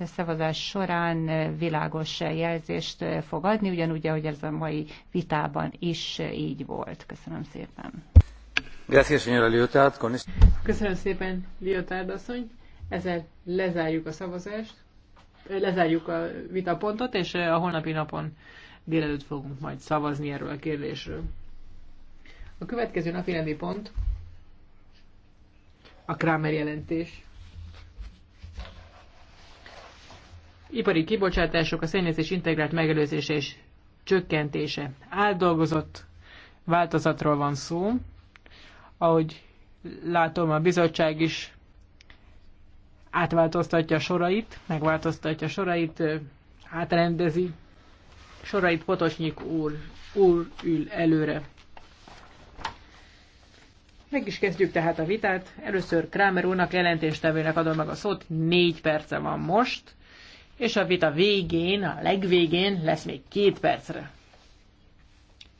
A szavazás során világos jelzést fog adni, ugyanúgy, ahogy ez a mai vitában is így volt. Köszönöm szépen. Köszönöm szépen, Liotárd asszony. Ezzel lezárjuk a szavazást, lezárjuk a vitapontot, és a holnapi napon délelőtt fogunk majd szavazni erről a kérdésről. A következő napi rendi pont a Kramer jelentés. ipari kibocsátások, a szennyezés integrált megelőzése és csökkentése. Áldolgozott változatról van szó. Ahogy látom, a bizottság is átváltoztatja sorait, megváltoztatja sorait, átrendezi sorait Potosnyik úr, úr ül előre. Meg is kezdjük tehát a vitát. Először Kramer úrnak jelentéstevőnek adom meg a szót, négy perce van most és a vita végén, a legvégén lesz még két percre.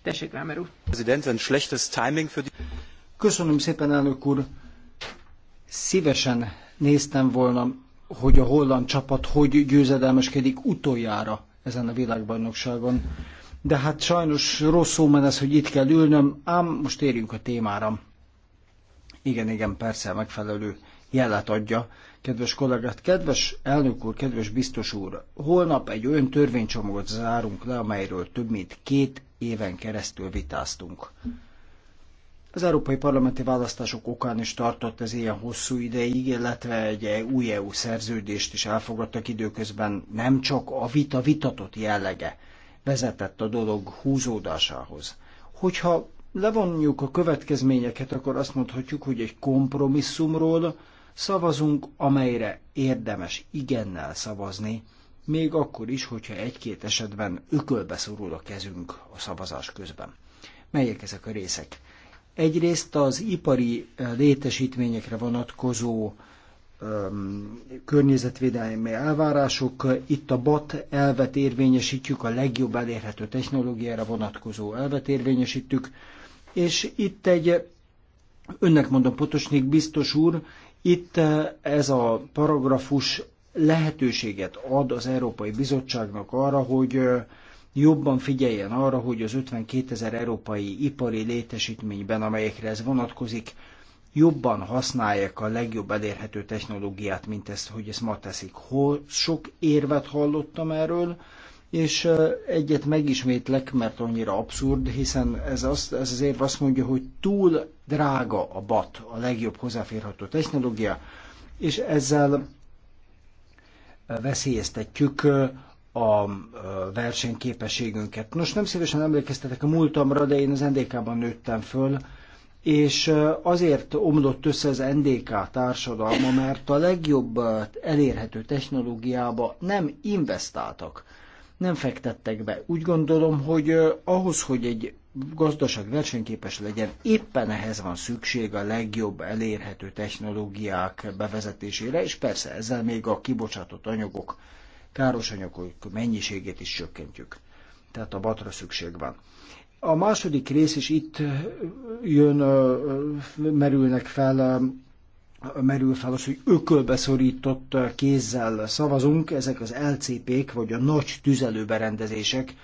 Tessék, Rámer úr. Köszönöm szépen, elnök úr. Szívesen néztem volna, hogy a holland csapat hogy győzedelmeskedik utoljára ezen a világbajnokságon. De hát sajnos rossz szó ez, hogy itt kell ülnöm, ám most érjünk a témára. Igen, igen, persze megfelelő jellet adja kedves kollégát, kedves elnök úr, kedves biztos úr, holnap egy olyan törvénycsomagot zárunk le, amelyről több mint két éven keresztül vitáztunk. Az európai parlamenti választások okán is tartott ez ilyen hosszú ideig, illetve egy új EU szerződést is elfogadtak időközben, nem csak a vita vitatott jellege vezetett a dolog húzódásához. Hogyha levonjuk a következményeket, akkor azt mondhatjuk, hogy egy kompromisszumról, Szavazunk, amelyre érdemes igennel szavazni, még akkor is, hogyha egy-két esetben ökölbe szorul a kezünk a szavazás közben. Melyek ezek a részek? Egyrészt az ipari eh, létesítményekre vonatkozó öm, ehm, környezetvédelmi elvárások. Itt a BAT elvet érvényesítjük, a legjobb elérhető technológiára vonatkozó elvet érvényesítjük, és itt egy, önnek mondom, Potosnik biztos úr, itt eh, ez a paragrafus lehetőséget ad az Európai Bizottságnak arra, hogy eh, jobban figyeljen arra, hogy az 52 ezer európai ipari létesítményben, amelyekre ez vonatkozik, jobban használják a legjobb elérhető technológiát, mint ezt, hogy ezt ma teszik. Hol sok érvet hallottam erről, és egyet megismétlek, mert annyira abszurd, hiszen ez, az, ez az azt mondja, hogy túl drága a BAT, a legjobb hozzáférhető technológia, és ezzel veszélyeztetjük a versenyképességünket. Nos, nem szívesen emlékeztetek a múltamra, de én az NDK-ban nőttem föl, és azért omlott össze az NDK társadalma, mert a legjobb elérhető technológiába nem investáltak nem fektettek be. Úgy gondolom, hogy ahhoz, hogy egy gazdaság versenyképes legyen, éppen ehhez van szükség a legjobb elérhető technológiák bevezetésére, és persze ezzel még a kibocsátott anyagok, káros anyagok mennyiségét is csökkentjük. Tehát a batra szükség van. A második rész is itt jön, merülnek fel merül fel az, hogy ökölbeszorított kézzel szavazunk, ezek az LCP-k, vagy a nagy tüzelőberendezések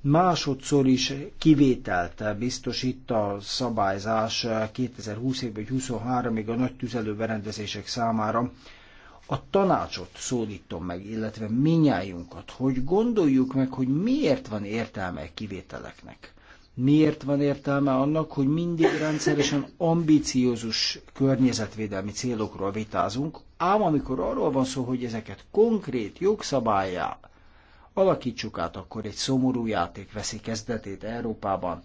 másodszor is kivételt biztosít a szabályzás 2020 év vagy 23-ig a nagy tüzelőberendezések számára. A tanácsot szólítom meg, illetve minnyájunkat, hogy gondoljuk meg, hogy miért van értelme kivételeknek miért van értelme annak, hogy mindig rendszeresen ambiciózus környezetvédelmi célokról vitázunk, ám amikor arról van szó, hogy ezeket konkrét jogszabályá alakítsuk át, akkor egy szomorú játék veszi kezdetét Európában,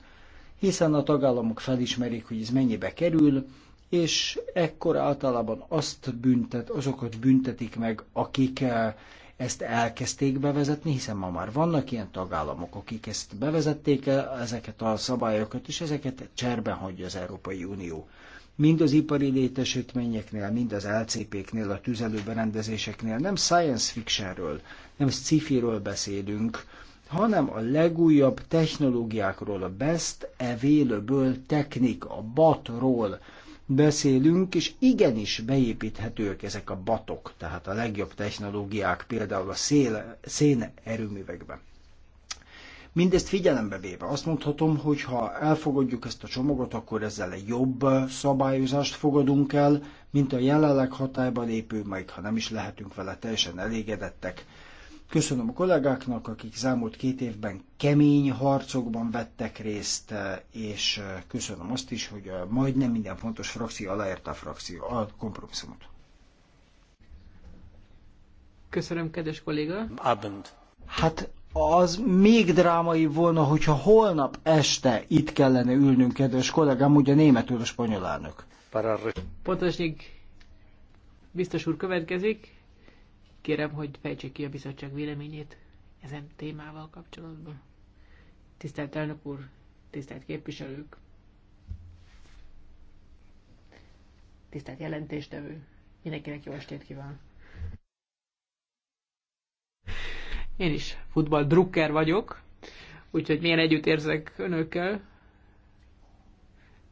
hiszen a tagállamok felismerik, hogy ez mennyibe kerül, és ekkor általában azt büntet, azokat büntetik meg, akik eh, ezt elkezdték bevezetni, hiszen ma már vannak ilyen tagállamok, akik ezt bevezették e, ezeket a szabályokat, és ezeket cserben hagyja az Európai Unió. Mind az ipari létesítményeknél, mind az LCP-knél, a tüzelőberendezéseknél nem science fictionről, nem sci ről beszélünk, hanem a legújabb technológiákról, a best available technik, a BAT-ról, beszélünk, és igenis beépíthetőek ezek a batok, tehát a legjobb technológiák például a szél, szén erőművekben. Mindezt figyelembe véve azt mondhatom, hogy ha elfogadjuk ezt a csomagot, akkor ezzel egy jobb szabályozást fogadunk el, mint a jelenleg hatályba lépő, majd ha nem is lehetünk vele teljesen elégedettek, Köszönöm a kollégáknak, akik az elmúlt két évben kemény harcokban vettek részt, és köszönöm azt is, hogy majdnem minden fontos frakció aláírta a frakció a kompromisszumot. Köszönöm, kedves kolléga. Abend. Hát az még drámai volna, hogyha holnap este itt kellene ülnünk, kedves kollégám, ugye németül a spanyol elnök. Pontosnyik, biztos úr következik. Kérem, hogy fejtsék ki a bizottság véleményét ezen témával kapcsolatban. Tisztelt elnök úr, tisztelt képviselők, tisztelt jelentéstevő, mindenkinek jó estét kívánok! Én is futball drukker vagyok, úgyhogy milyen együtt érzek önökkel.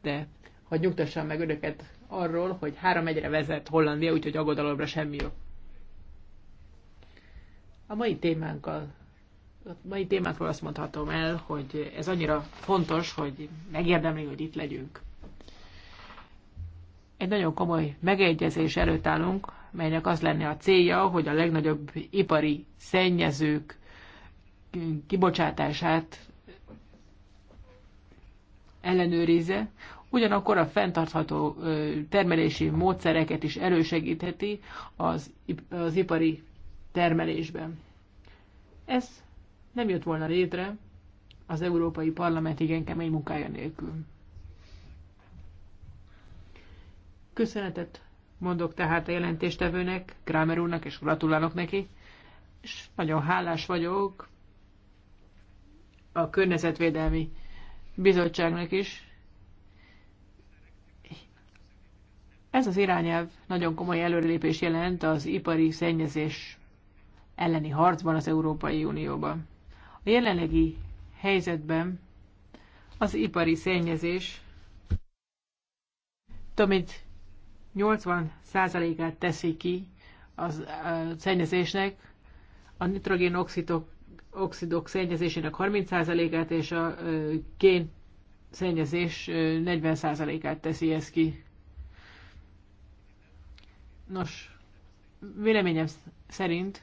De hogy nyugtassam meg önöket arról, hogy három egyre vezet Hollandia, úgyhogy aggodalomra semmi jó. A mai témánkkal a mai témákról azt mondhatom el, hogy ez annyira fontos, hogy megérdemli, hogy itt legyünk. Egy nagyon komoly megegyezés előtt állunk, melynek az lenne a célja, hogy a legnagyobb ipari szennyezők kibocsátását ellenőrizze, ugyanakkor a fenntartható termelési módszereket is elősegítheti az, az ipari termelésben. Ez nem jött volna létre az Európai Parlament igen kemény munkája nélkül. Köszönetet mondok tehát a jelentéstevőnek, Kramer úrnak, és gratulálok neki, és nagyon hálás vagyok a Környezetvédelmi Bizottságnak is. Ez az irányelv nagyon komoly előrelépés jelent az ipari szennyezés elleni harcban az Európai Unióban. A jelenlegi helyzetben az ipari szennyezés több mint 80%-át teszi ki az a szennyezésnek, a nitrogénoxidok oxidok szennyezésének 30%-át és a kén szennyezés 40%-át teszi ez ki. Nos, véleményem szerint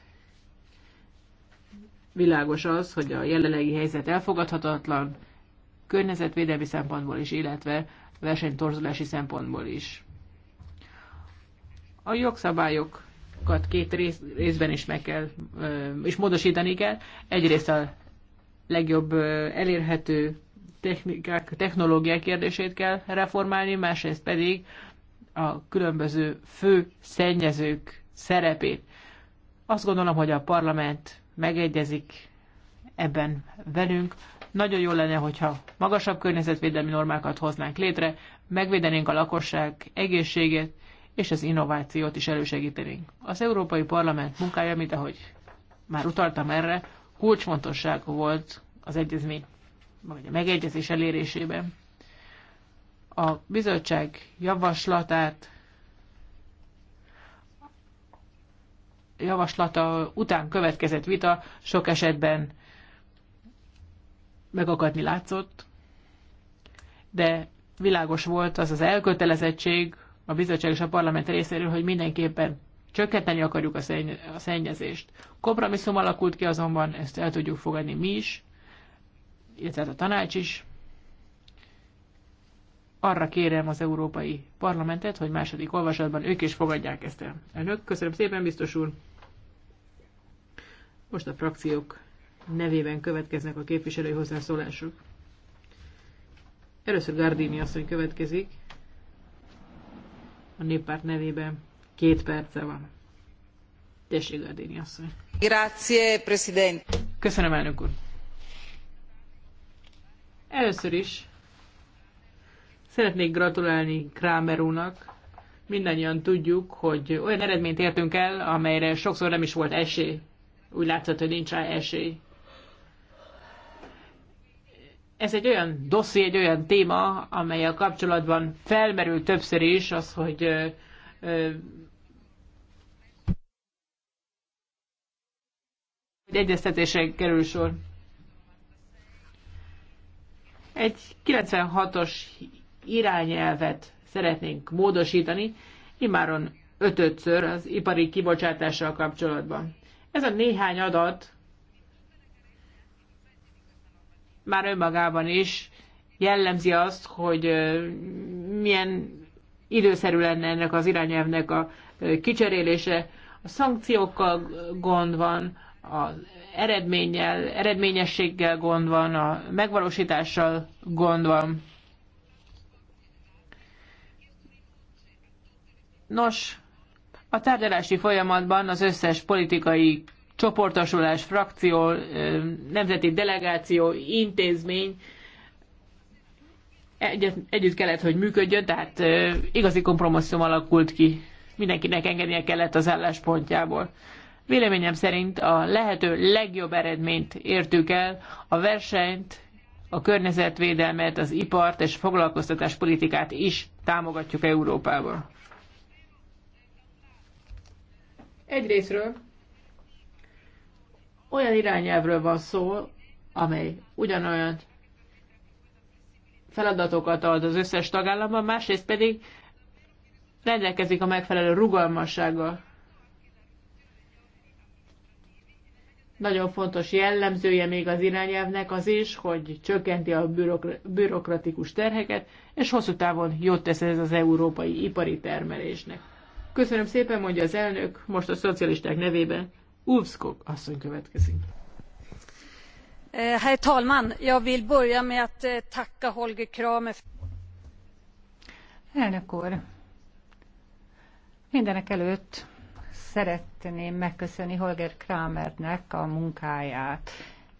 Világos az, hogy a jelenlegi helyzet elfogadhatatlan, környezetvédelmi szempontból is, illetve versenytorzulási szempontból is. A jogszabályokat két rész, részben is meg kell, és módosítani kell. Egyrészt a legjobb elérhető technikák, technológiák kérdését kell reformálni, másrészt pedig a különböző fő szennyezők szerepét. Azt gondolom, hogy a parlament megegyezik ebben velünk. Nagyon jó lenne, hogyha magasabb környezetvédelmi normákat hoznánk létre, megvédenénk a lakosság egészségét, és az innovációt is elősegítenénk. Az Európai Parlament munkája, mint ahogy már utaltam erre, kulcsfontosság volt az egyezmény, vagy a megegyezés elérésében. A bizottság javaslatát javaslata után következett vita sok esetben megakadni látszott, de világos volt az az elkötelezettség a bizottság és a parlament részéről, hogy mindenképpen csökkenteni akarjuk a, szenny- a szennyezést. Kompromisszum alakult ki azonban, ezt el tudjuk fogadni mi is, illetve a tanács is arra kérem az Európai Parlamentet, hogy második olvasatban ők is fogadják ezt el. Elnök, köszönöm szépen, biztos úr. Most a frakciók nevében következnek a képviselői hozzászólások. Először Gardini asszony következik. A néppárt nevében két perce van. Tessék, Gardini asszony. Grazie, President. Köszönöm, elnök úr. Először is Szeretnék gratulálni Kramer úrnak. Mindannyian tudjuk, hogy olyan eredményt értünk el, amelyre sokszor nem is volt esély. Úgy látszott, hogy nincs rá esély. Ez egy olyan dosszi, egy olyan téma, a kapcsolatban felmerül többször is az, hogy ö, hogy egyeztetésre kerül sor. Egy 96-os irányelvet szeretnénk módosítani, imáron ötödször az ipari kibocsátással kapcsolatban. Ez a néhány adat már önmagában is jellemzi azt, hogy milyen időszerű lenne ennek az irányelvnek a kicserélése. A szankciókkal gond van, az eredménnyel, eredményességgel gond van, a megvalósítással gond van. Nos, a tárgyalási folyamatban az összes politikai csoportosulás, frakció, nemzeti delegáció, intézmény egyet, együtt kellett, hogy működjön, tehát igazi kompromisszum alakult ki. Mindenkinek engednie kellett az álláspontjából. Véleményem szerint a lehető legjobb eredményt értük el, a versenyt, a környezetvédelmet, az ipart és foglalkoztatás politikát is támogatjuk Európában. Egyrésztről olyan irányelvről van szó, amely ugyanolyan feladatokat ad az összes tagállamban, másrészt pedig rendelkezik a megfelelő rugalmassággal. Nagyon fontos jellemzője még az irányelvnek az is, hogy csökkenti a bürokratikus terheket, és hosszú távon jót tesz ez az európai ipari termelésnek. Köszönöm szépen, mondja az elnök, most a szocialisták nevében Ulfskog asszony következik. Eh, herr talman, jag vill börja med att eh, tacka Holger Kramer. Elnök úr, mindenek előtt szeretném megköszönni Holger Kramernek a munkáját,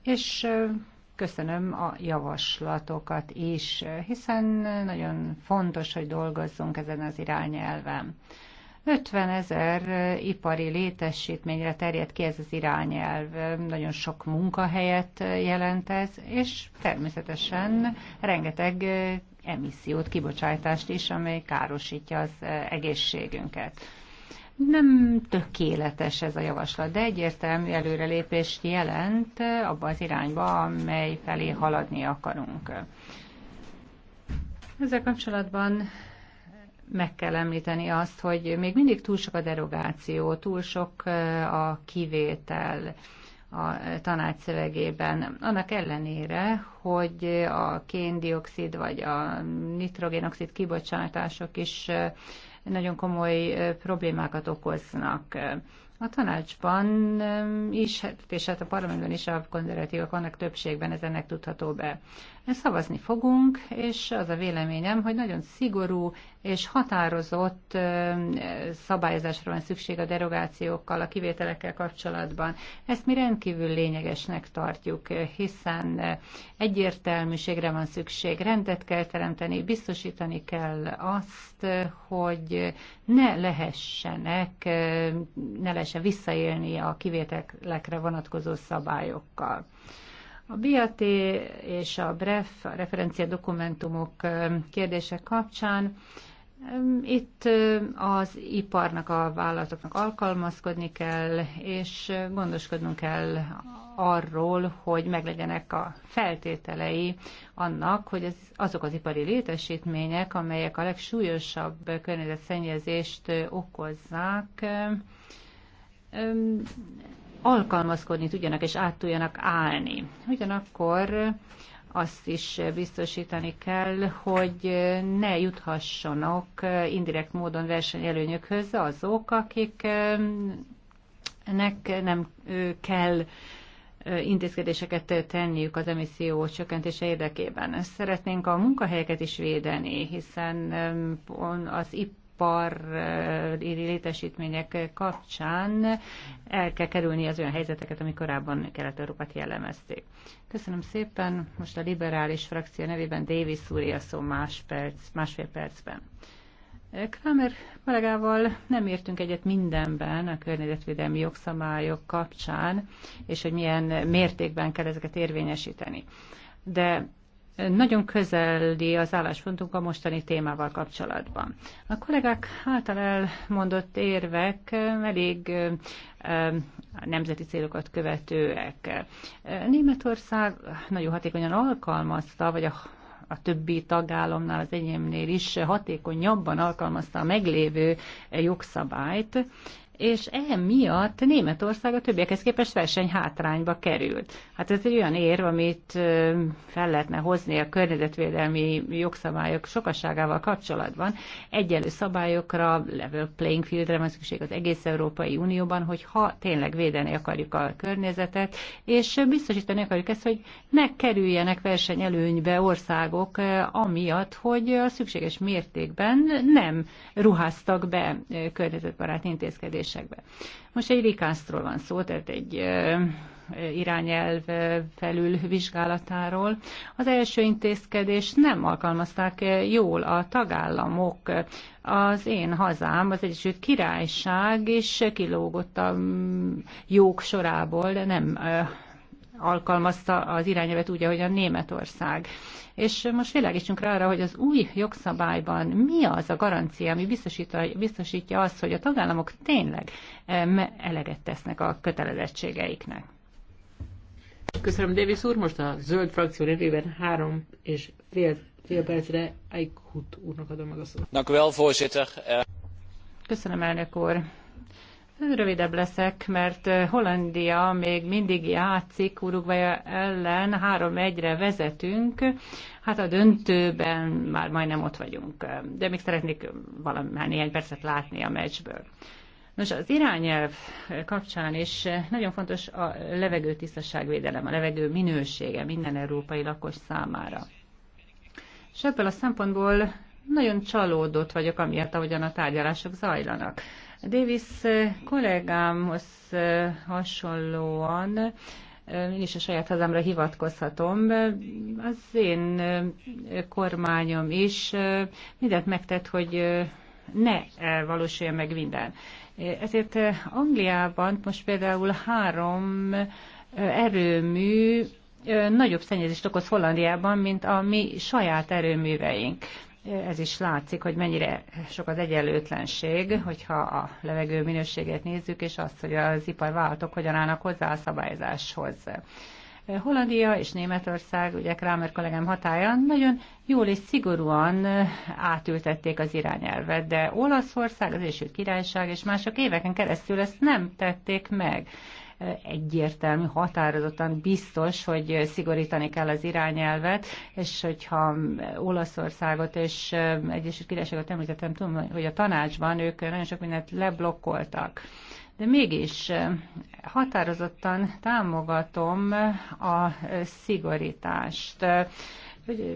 és eh, köszönöm a javaslatokat is, hiszen nagyon fontos, hogy dolgozzunk ezen az irányelven. 50 ezer ipari létesítményre terjed ki ez az irányelv. Nagyon sok munkahelyet jelent ez, és természetesen rengeteg emissziót, kibocsátást is, amely károsítja az egészségünket. Nem tökéletes ez a javaslat, de egyértelmű előrelépést jelent abba az irányba, amely felé haladni akarunk. Ezzel kapcsolatban meg kell említeni azt, hogy még mindig túl sok a derogáció, túl sok a kivétel a tanács szövegében. Annak ellenére, hogy a kéndioxid vagy a nitrogénoxid kibocsátások is nagyon komoly problémákat okoznak. A tanácsban is, és hát a parlamentben is a konzervatívak vannak többségben, ez ennek tudható be. Szavazni fogunk, és az a véleményem, hogy nagyon szigorú, és határozott szabályozásra van szükség a derogációkkal, a kivételekkel kapcsolatban. Ezt mi rendkívül lényegesnek tartjuk, hiszen egyértelműségre van szükség, rendet kell teremteni, biztosítani kell azt, hogy ne lehessenek, ne lehessen visszaélni a kivételekre vonatkozó szabályokkal. A BAT és a BREF, a referencia dokumentumok kérdése kapcsán itt az iparnak, a vállalatoknak alkalmazkodni kell, és gondoskodnunk kell arról, hogy meglegyenek a feltételei annak, hogy az, azok az ipari létesítmények, amelyek a legsúlyosabb környezetszennyezést okozzák, alkalmazkodni tudjanak és át tudjanak állni. Ugyanakkor azt is biztosítani kell, hogy ne juthassanak indirekt módon versenyelőnyökhöz azok, akiknek nem kell intézkedéseket tenniük az emisszió csökkentése érdekében. Szeretnénk a munkahelyeket is védeni, hiszen az IP ipari létesítmények kapcsán el kell kerülni az olyan helyzeteket, amik korábban Kelet-Európát jellemezték. Köszönöm szépen. Most a liberális frakció nevében Davis úr a szó más perc, másfél percben. Kramer kollégával nem értünk egyet mindenben a környezetvédelmi jogszabályok kapcsán, és hogy milyen mértékben kell ezeket érvényesíteni. De nagyon közeli az álláspontunk a mostani témával kapcsolatban. A kollégák által elmondott érvek eh, elég eh, eh, nemzeti célokat követőek. Németország nagyon hatékonyan alkalmazta, vagy a a többi tagállamnál, az enyémnél is hatékonyabban alkalmazta a meglévő jogszabályt, és emiatt Németország a többiekhez képest versenyhátrányba került. Hát ez egy olyan érv, amit fel lehetne hozni a környezetvédelmi jogszabályok sokasságával kapcsolatban. Egyelő szabályokra, level playing fieldre van szükség az egész Európai Unióban, hogy ha tényleg védeni akarjuk a környezetet, és biztosítani akarjuk ezt, hogy ne kerüljenek versenyelőnybe országok amiatt, hogy a szükséges mértékben nem ruháztak be környezetbarát intézkedés kérdésekbe. Most egy rikásztról van szó, tehát egy irányelv felül vizsgálatáról. Az első intézkedés nem alkalmazták jól a tagállamok. Az én hazám, az Egyesült Királyság is kilógott a mm, jók sorából, de nem alkalmazta az irányelvet úgy, ahogy a Németország. És most világítsunk rá arra, hogy az új jogszabályban mi az a garancia, ami biztosítja azt, hogy a tagállamok tényleg eh, eleget tesznek a kötelezettségeiknek. Köszönöm, Davis úr. Most a zöld frakció nevében három és fél, fél percre Eichhut úrnak adom meg a szót. Eh, Köszönöm, elnök úr. Rövidebb leszek, mert eh, Hollandia még mindig játszik, Uruguay ellen 3-1-re vezetünk, hát a döntőben már majdnem ott vagyunk, de még szeretnék valami, néhány percet látni a meccsből. Nos, az irányelv kapcsán is nagyon fontos a levegő tisztaságvédelem, a levegő minősége minden európai lakos számára. És ebből a szempontból nagyon csalódott vagyok, amiatt, ahogyan a tárgyalások zajlanak. Davis kollégámhoz hasonlóan én is a saját hazámra hivatkozhatom. Az én kormányom is mindent megtett, hogy ne valósuljon meg minden. Ezért Angliában most például három erőmű nagyobb szennyezést okoz Hollandiában, mint a mi saját erőműveink ez is látszik, hogy mennyire sok az egyenlőtlenség, hogyha a levegő minőséget nézzük, és azt, hogy az iparvállalatok hogyan állnak hozzá a szabályzáshoz. Hollandia és Németország, ugye Kramer kollégám hatáján nagyon jól és szigorúan átültették az irányelvet, de Olaszország, az Egyesült Királyság és mások éveken keresztül ezt nem tették meg egyértelmű, határozottan biztos, hogy szigorítani kell az irányelvet, és hogyha Olaszországot és Egyesült Királyságot említettem, tudom, hogy a tanácsban ők nagyon sok mindent leblokkoltak. De mégis határozottan támogatom a szigorítást.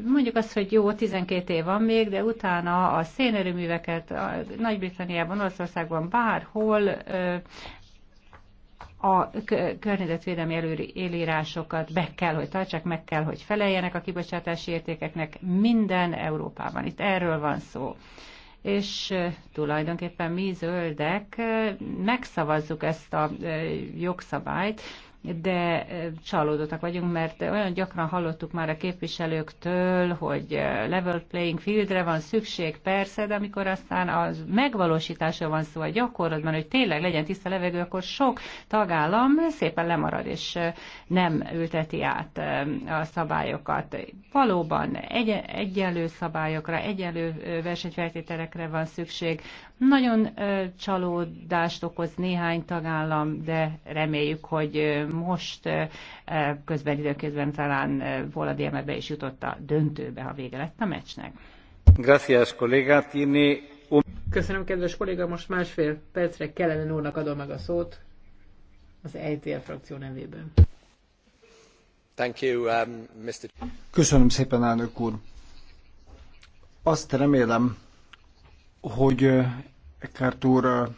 Mondjuk azt, hogy jó, 12 év van még, de utána a szénerőműveket Nagy-Britanniában, Olaszországban, bárhol a környezetvédelmi előírásokat be kell, hogy tartsák, meg kell, hogy feleljenek a kibocsátási értékeknek minden Európában. Itt erről van szó. És tulajdonképpen mi zöldek megszavazzuk ezt a jogszabályt, de csalódottak vagyunk, mert olyan gyakran hallottuk már a képviselőktől, hogy level playing fieldre van szükség, persze, de amikor aztán az megvalósításra van szó a gyakorlatban, hogy tényleg legyen tiszta levegő, akkor sok tagállam szépen lemarad, és nem ülteti át a szabályokat. Valóban egy, egyenlő szabályokra, egyenlő versenyfeltételekre van szükség. Nagyon csalódást okoz néhány tagállam, de reméljük, hogy most, közben időközben talán Vola Diemerbe is jutott a döntőbe, ha vége lett a meccsnek. Gracias, kollega. Um... Köszönöm, kedves kolléga, most másfél percre kellene úrnak adom meg a szót az EITL frakció nevében. Thank you, um, Mr. Köszönöm szépen, elnök úr. Azt remélem, hogy Eckhart úr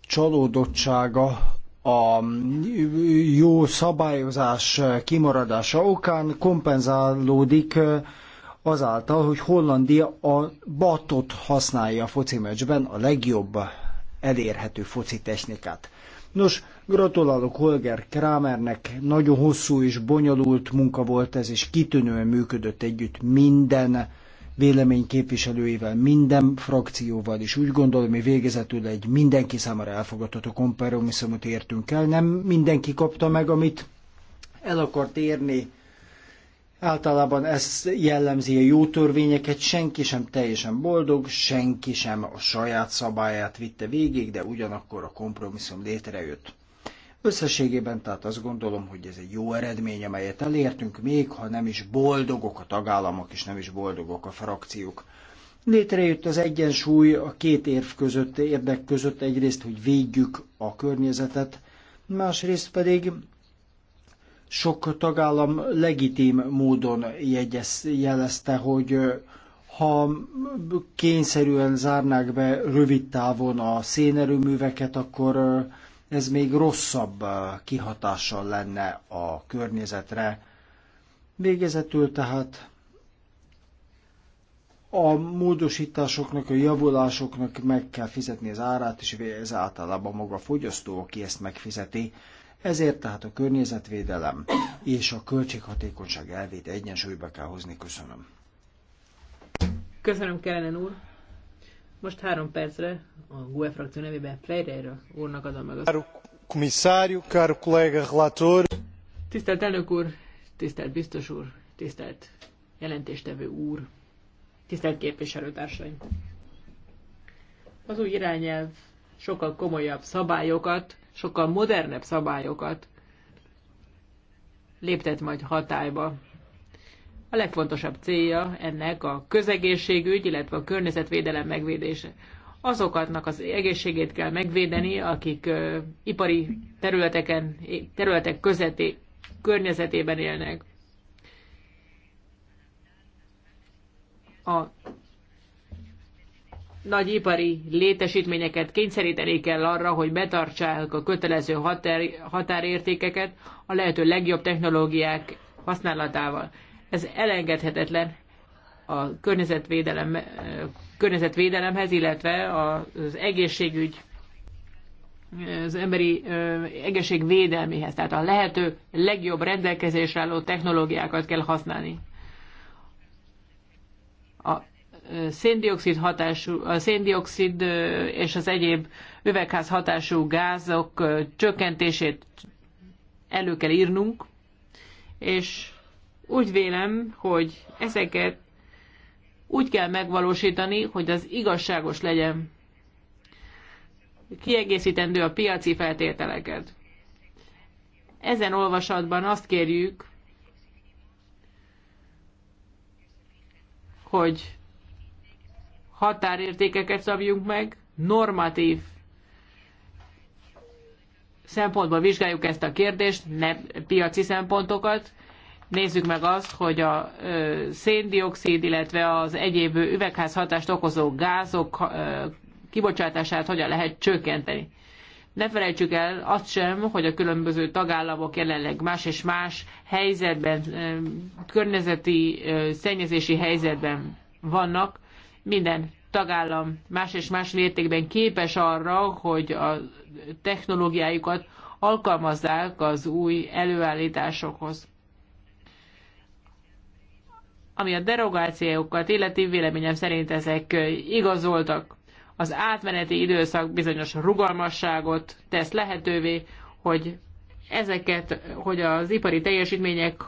csalódottsága a jó szabályozás kimaradása okán kompenzálódik azáltal, hogy Hollandia a batot használja a foci meccsben, a legjobb elérhető foci technikát. Nos, gratulálok Holger Kramernek, nagyon hosszú és bonyolult munka volt ez, és kitűnően működött együtt minden véleményképviselőivel, minden frakcióval, és úgy gondolom, hogy végezetül egy mindenki számára elfogadható kompromisszumot értünk el. Nem mindenki kapta meg, amit el akart érni. Általában ez jellemzi a jó törvényeket, senki sem teljesen boldog, senki sem a saját szabályát vitte végig, de ugyanakkor a kompromisszum létrejött. Összességében tehát azt gondolom, hogy ez egy jó eredmény, amelyet elértünk, még ha nem is boldogok a tagállamok, és nem is boldogok a frakciók. Létrejött az egyensúly a két érv között, érdek között egyrészt, hogy védjük a környezetet, másrészt pedig sok tagállam legitim módon jegyez, jelezte, hogy ha kényszerűen zárnák be rövid távon a szénerőműveket, akkor ez még rosszabb eh, kihatással lenne a környezetre. Végezetül tehát a módosításoknak, a javulásoknak meg kell fizetni az árát, és ez általában maga a fogyasztó, aki ezt megfizeti. Ezért tehát a környezetvédelem és a költséghatékonyság elvét egyensúlyba kell hozni. Köszönöm. Köszönöm, Kellenen úr. Most három percre a GUE frakció nevében Freire úrnak adom meg a kollega relator. Tisztelt elnök úr, tisztelt biztos úr, tisztelt jelentéstevő úr, tisztelt képviselőtársaim. Az új irányelv sokkal komolyabb szabályokat, sokkal modernebb szabályokat léptet majd hatályba a legfontosabb célja ennek a közegészségügy, illetve a környezetvédelem megvédése. Azokatnak az egészségét kell megvédeni, akik ö, ipari területeken, területek közeti környezetében élnek. A nagy ipari létesítményeket kényszeríteni kell arra, hogy betartsák a kötelező határ, határértékeket a lehető legjobb technológiák használatával. Ez elengedhetetlen a környezetvédelem, eh, környezetvédelemhez, illetve az egészségügy az emberi eh, egészségvédelmihez. Tehát a lehető legjobb rendelkezésre álló technológiákat kell használni. A eh, széndiokszid hatású, a széndiokszid és az egyéb üvegház hatású gázok csökkentését elő kell írnunk, és úgy vélem, hogy ezeket úgy kell megvalósítani, hogy az igazságos legyen. Kiegészítendő a piaci feltételeket. Ezen olvasatban azt kérjük, hogy határértékeket szabjunk meg, normatív szempontból vizsgáljuk ezt a kérdést, ne piaci szempontokat, nézzük meg azt, hogy a széndiokszid, illetve az egyéb üvegházhatást okozó gázok kibocsátását hogyan lehet csökkenteni. Ne felejtsük el azt sem, hogy a különböző tagállamok jelenleg más és más helyzetben, környezeti szennyezési helyzetben vannak. Minden tagállam más és más mértékben képes arra, hogy a technológiájukat alkalmazzák az új előállításokhoz. Ami a derogációkat illeti, véleményem szerint ezek igazoltak. Az átmeneti időszak bizonyos rugalmasságot tesz lehetővé, hogy ezeket, hogy az ipari teljesítmények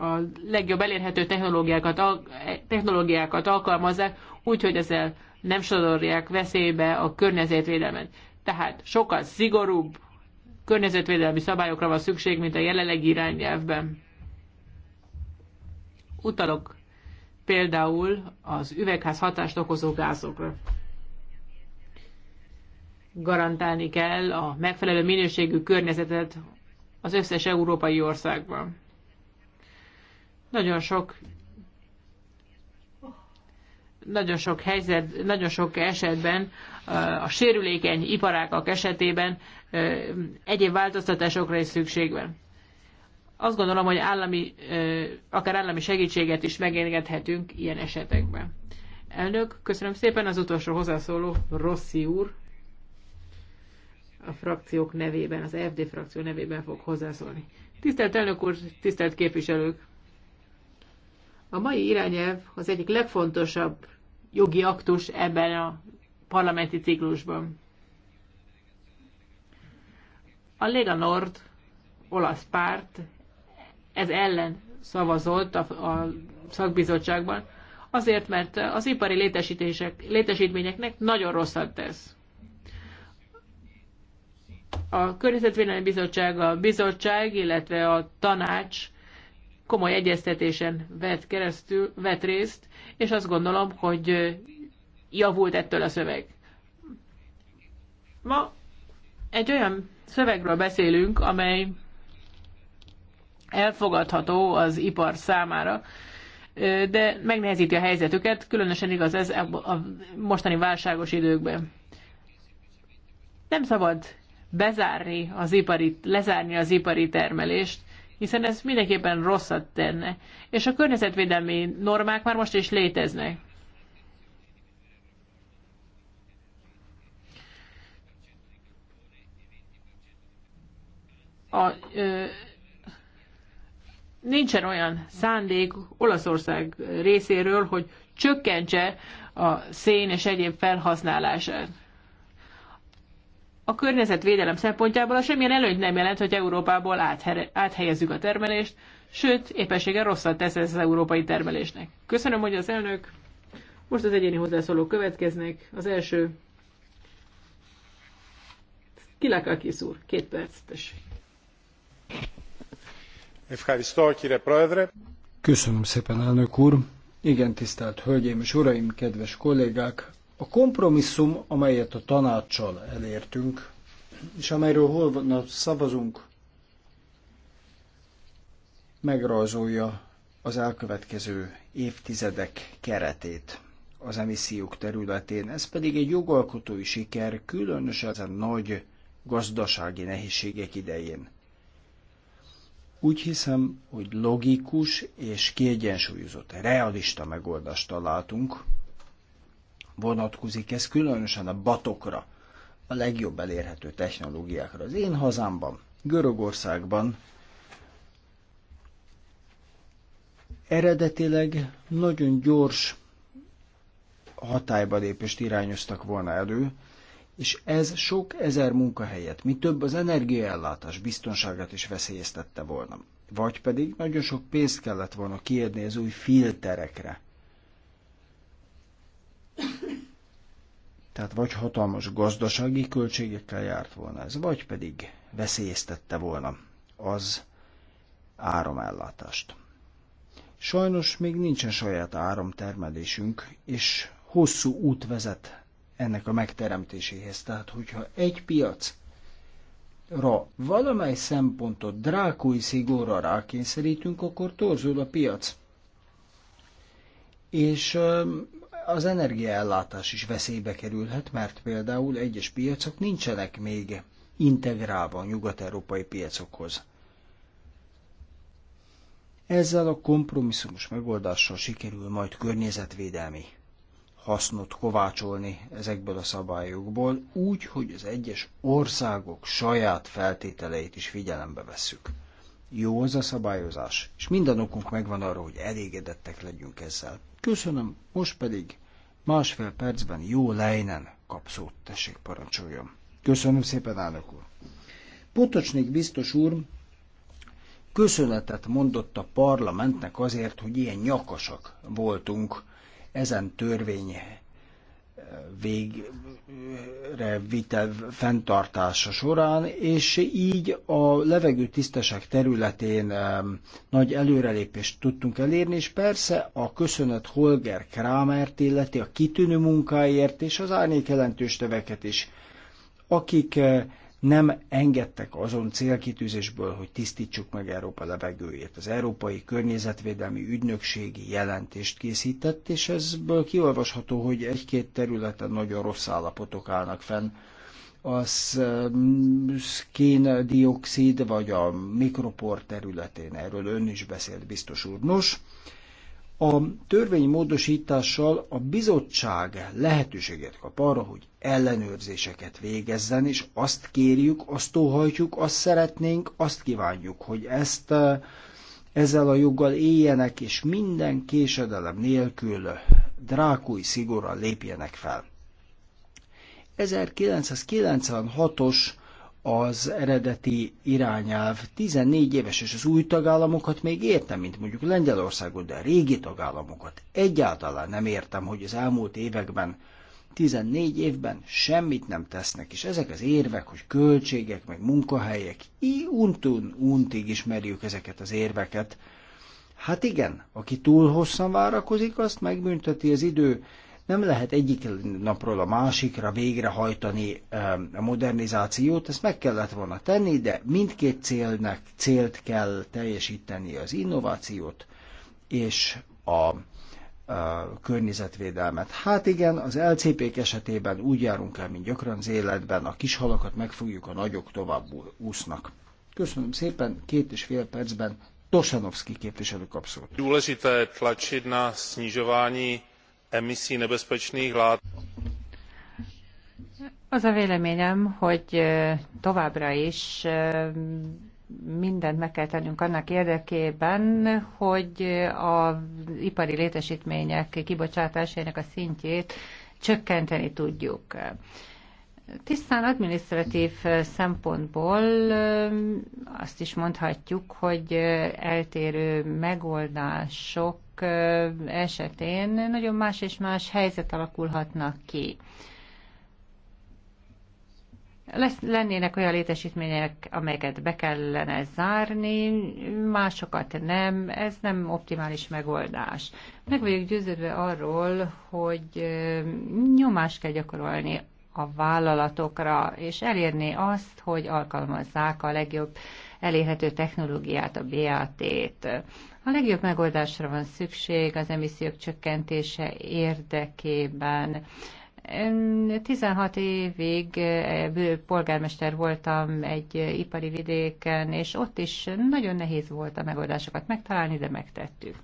a legjobb elérhető technológiákat, technológiákat alkalmazzák, úgyhogy ezzel nem sodorják veszélybe a környezetvédelmet. Tehát sokkal szigorúbb környezetvédelmi szabályokra van szükség, mint a jelenlegi irányelvben. Utalok például az üvegház hatást okozó gázokra. Garantálni kell a megfelelő minőségű környezetet az összes európai országban. Nagyon sok nagyon sok helyzet, nagyon sok esetben a sérülékeny iparákak esetében egyéb változtatásokra is szükség van. Azt gondolom, hogy állami, akár állami segítséget is megengedhetünk ilyen esetekben. Elnök, köszönöm szépen az utolsó hozzászóló, Rossi úr, a frakciók nevében, az FD frakció nevében fog hozzászólni. Tisztelt elnök úr, tisztelt képviselők! A mai irányelv az egyik legfontosabb jogi aktus ebben a parlamenti ciklusban. A Lega Nord olasz párt ez ellen szavazott a, a szakbizottságban, azért, mert az ipari létesítések, létesítményeknek nagyon rosszat tesz. A Környezetvédelmi Bizottság, a bizottság, illetve a tanács komoly egyeztetésen vett, keresztül, vett részt, és azt gondolom, hogy javult ettől a szöveg. Ma egy olyan szövegről beszélünk, amely elfogadható az ipar számára, de megnehezíti a helyzetüket, különösen igaz ez a mostani válságos időkben. Nem szabad bezárni az ipari, lezárni az ipari termelést, hiszen ez mindenképpen rosszat tenne. És a környezetvédelmi normák már most is léteznek. A, ö, nincsen olyan szándék Olaszország részéről, hogy csökkentse a szén és egyéb felhasználását. A környezetvédelem szempontjából a semmilyen előny nem jelent, hogy Európából áthelyezzük a termelést, sőt, éppenséggel rosszat tesz ez az európai termelésnek. Köszönöm, hogy az elnök. Most az egyéni hozzászólók következnek. Az első a úr, két perc, tessék. Köszönöm szépen, elnök úr. Igen, tisztelt Hölgyeim és Uraim, kedves kollégák! A kompromisszum, amelyet a tanáccsal elértünk, és amelyről holnap szavazunk, megrajzolja az elkövetkező évtizedek keretét az emissziók területén. Ez pedig egy jogalkotói siker, különösen nagy gazdasági nehézségek idején. Úgy hiszem, hogy logikus és kiegyensúlyozott, realista megoldást találtunk. Vonatkozik ez különösen a batokra, a legjobb elérhető technológiákra. Az én hazámban, Görögországban eredetileg nagyon gyors hatályba lépést irányoztak volna elő, és ez sok ezer munkahelyet, mi több az energiaellátás biztonságát is veszélyeztette volna. Vagy pedig nagyon sok pénzt kellett volna kiérni az új filterekre. Tehát vagy hatalmas gazdasági költségekkel járt volna ez, vagy pedig veszélyeztette volna az áramellátást. Sajnos még nincsen saját áramtermelésünk, és hosszú út vezet ennek a megteremtéséhez. Tehát, hogyha egy piac ra valamely szempontot drákói szigorra rákényszerítünk, akkor torzul a piac. És az energiaellátás is veszélybe kerülhet, mert például egyes piacok nincsenek még integrálva a nyugat-európai piacokhoz. Ezzel a kompromisszumos megoldással sikerül majd környezetvédelmi hasznot kovácsolni ezekből a szabályokból, úgy, hogy az egyes országok saját feltételeit is figyelembe vesszük. Jó az a szabályozás, és minden okunk megvan arra, hogy elégedettek legyünk ezzel. Köszönöm, most pedig másfél percben jó lejnen kap szót, tessék parancsoljon. Köszönöm szépen, állnak úr. Potocsnik biztos úr köszönetet mondott a parlamentnek azért, hogy ilyen nyakasak voltunk ezen törvény eh, végre vitel fenntartása során, és így a levegő tisztaság területén eh, nagy előrelépést tudtunk elérni, és persze a köszönet Holger Krámert illeti a kitűnő munkáért és az árnyék jelentős töveket is, akik eh, nem engedtek azon célkitűzésből, hogy tisztítsuk meg Európa levegőjét. Az Európai Környezetvédelmi Ügynökségi jelentést készített, és ezből kiolvasható, hogy egy-két területen nagyon rossz állapotok állnak fenn. A mm, szkén-dioxid vagy a mikropor területén, erről ön is beszélt, biztos úr. Nos, a törvénymódosítással a bizottság lehetőséget kap arra, hogy ellenőrzéseket végezzen, és azt kérjük, azt óhajtjuk, azt szeretnénk, azt kívánjuk, hogy ezt e, ezzel a joggal éljenek, és minden késedelem nélkül drákúi szigorral lépjenek fel. 1996-os az eredeti irányelv 14 éves, és az új tagállamokat még értem, mint mondjuk Lengyelországot, de a régi tagállamokat egyáltalán nem értem, hogy az elmúlt években 14 évben semmit nem tesznek, és ezek az érvek, hogy költségek, meg munkahelyek, így untun untig ismerjük ezeket az érveket. Hát igen, aki túl hosszan várakozik, azt megbünteti az idő, nem lehet egyik napról a másikra végrehajtani a modernizációt, ezt meg kellett volna tenni, de mindkét célnak célt kell teljesíteni az innovációt és a környezetvédelmet. Hát igen, az LCP-k esetében úgy járunk el, mint gyakran az életben, a kis halakat megfogjuk, a nagyok tovább úsznak. Köszönöm szépen, két és fél percben Tosanovszki képviselő kap szót. tlačit na snižování emisszió nebezpečných látok. Az a véleményem, hogy továbbra is mindent meg kell tennünk annak érdekében, hogy az ipari létesítmények kibocsátásainak a szintjét csökkenteni tudjuk. Tisztán adminisztratív szempontból azt is mondhatjuk, hogy eltérő megoldások esetén nagyon más és más helyzet alakulhatnak ki. Lesz, lennének olyan létesítmények, amelyeket be kellene zárni, másokat nem, ez nem optimális megoldás. Meg vagyok győződve arról, hogy nyomást kell gyakorolni a vállalatokra, és elérni azt, hogy alkalmazzák a legjobb elérhető technológiát, a BAT-t. A legjobb megoldásra van szükség az emissziók csökkentése érdekében. 16 évig eh, polgármester voltam egy ipari vidéken, és ott is nagyon nehéz volt a megoldásokat megtalálni, de megtettük.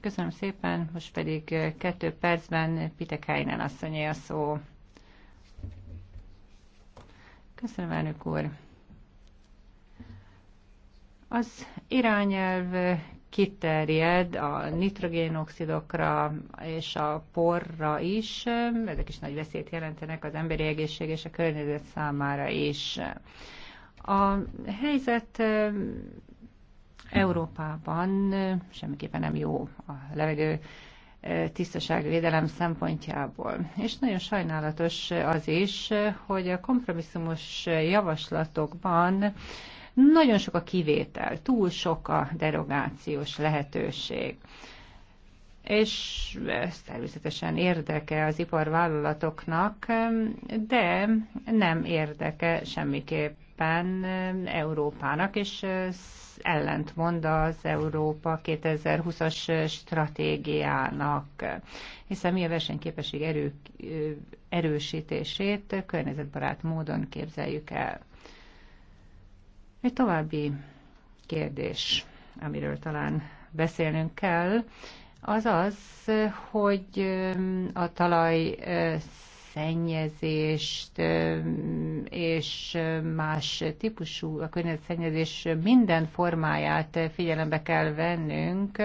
Köszönöm szépen, most pedig kettő percben Pitekáinen asszonyé a szó. Köszönöm, elnök úr. Az irányelv kiterjed a nitrogénoxidokra és a porra is, ezek is nagy veszélyt jelentenek az emberi egészség és a környezet számára is. A helyzet Európában semmiképpen nem jó a levegő tisztaságvédelem szempontjából. És nagyon sajnálatos az is, hogy a kompromisszumos javaslatokban nagyon sok a kivétel, túl sok a derogációs lehetőség. És ez természetesen érdeke az iparvállalatoknak, de nem érdeke semmiképpen Európának, és mond az Európa 2020-as stratégiának, hiszen mi a versenyképesség erő, erősítését környezetbarát módon képzeljük el. Egy további kérdés, amiről talán beszélnünk kell, az az, hogy a talaj környezetszennyezést és más típusú a környezetszennyezés minden formáját figyelembe kell vennünk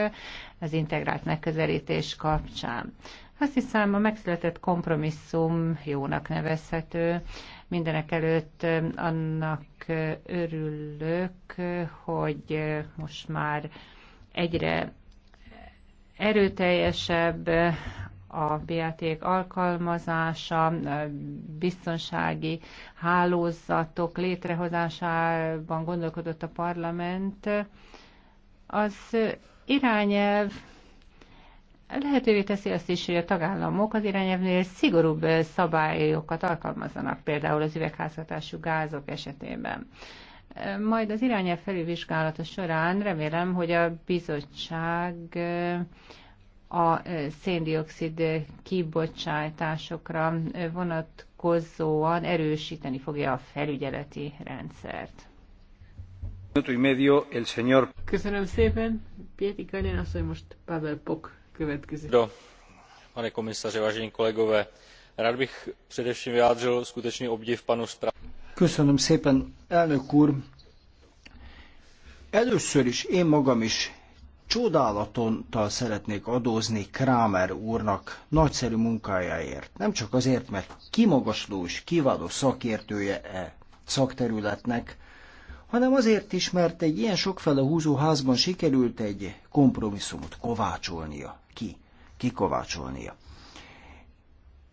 az integrált megközelítés kapcsán. Azt hiszem, a megszületett kompromisszum jónak nevezhető. Mindenek előtt annak örülök, hogy most már egyre erőteljesebb a BLT-k alkalmazása, biztonsági hálózatok létrehozásában gondolkodott a parlament. Az irányelv lehetővé teszi azt is, hogy a tagállamok az irányelvnél szigorúbb szabályokat alkalmazzanak, például az üvegházhatású gázok esetében. Majd az irányelv felülvizsgálata során remélem, hogy a bizottság a széndiokszid kibocsátásokra vonatkozóan erősíteni fogja a felügyeleti rendszert. Köszönöm szépen. Pieti Kajnén azt, hogy most Pavel Pok következik. Do. Pane komisaře, vážení kolegové, rád bych především vyjádřil skutečný obdiv panu Köszönöm szépen, elnök úr. Először is én magam is csodálatontal szeretnék adózni Kramer úrnak nagyszerű munkájáért. Nem csak azért, mert kimagasló és kiváló szakértője e szakterületnek, hanem azért is, mert egy ilyen sokfele húzó házban sikerült egy kompromisszumot kovácsolnia. Ki? Kikovácsolnia.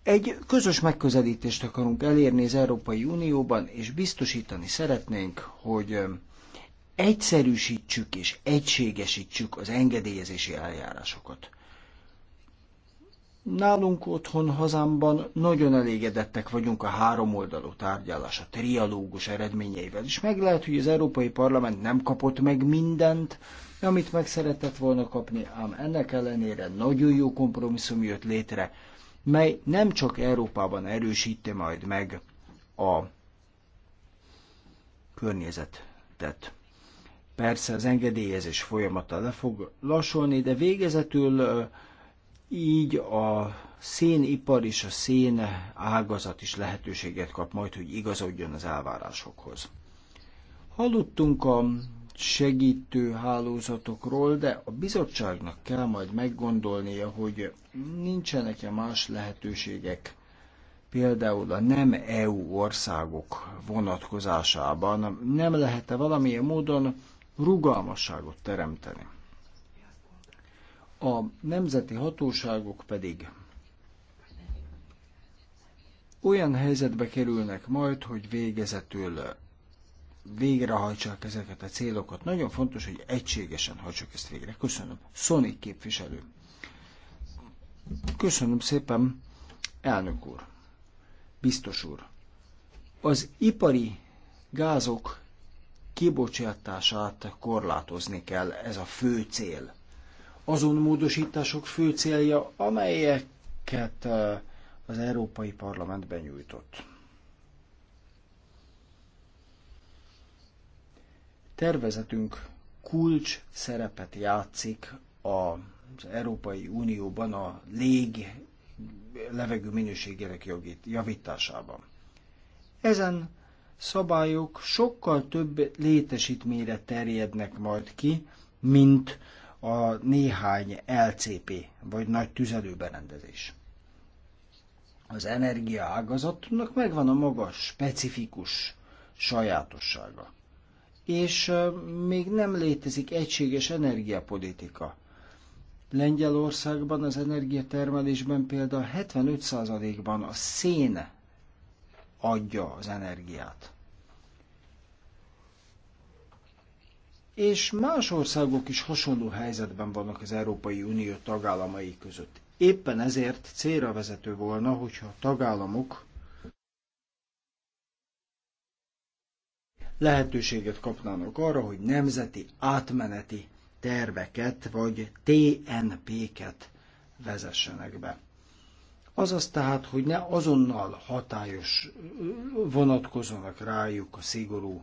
Egy közös megközelítést akarunk elérni az Európai Unióban, és biztosítani szeretnénk, hogy egyszerűsítsük és egységesítsük az engedélyezési eljárásokat. Nálunk otthon, hazámban nagyon elégedettek vagyunk a háromoldalú tárgyalás, a trialógus eredményeivel, és meg lehet, hogy az Európai Parlament nem kapott meg mindent, amit meg szeretett volna kapni, ám ennek ellenére nagyon jó kompromisszum jött létre, mely nem csak Európában erősíti majd meg a környezetet. Persze az engedélyezés folyamata le fog lassulni, de végezetül így a szénipar és a szén ágazat is lehetőséget kap majd, hogy igazodjon az elvárásokhoz. Hallottunk a segítő hálózatokról, de a bizottságnak kell majd meggondolnia, hogy nincsenek-e más lehetőségek, például a nem EU országok vonatkozásában nem lehet-e valamilyen módon rugalmasságot teremteni. A nemzeti hatóságok pedig olyan helyzetbe kerülnek majd, hogy végezetül végrehajtsák ezeket a célokat. Nagyon fontos, hogy egységesen hajtsuk ezt végre. Köszönöm. Sony képviselő. Köszönöm szépen, elnök úr, biztos úr. Az ipari gázok kibocsátását korlátozni kell, ez a fő cél. Azon módosítások fő célja, amelyeket az Európai Parlament benyújtott. Tervezetünk kulcs szerepet játszik az Európai Unióban a lég levegő minőségének javításában. Ezen szabályok sokkal több létesítményre terjednek majd ki, mint a néhány LCP vagy nagy tüzelőberendezés. Az energiaágazatnak megvan a maga specifikus sajátossága. És még nem létezik egységes energiapolitika. Lengyelországban az energiatermelésben például 75%-ban a szén adja az energiát. És más országok is hasonló helyzetben vannak az Európai Unió tagállamai között. Éppen ezért célra vezető volna, hogyha a tagállamok lehetőséget kapnának arra, hogy nemzeti átmeneti terveket vagy TNP-ket vezessenek be. Azaz tehát, hogy ne azonnal hatályos vonatkozzanak rájuk a szigorú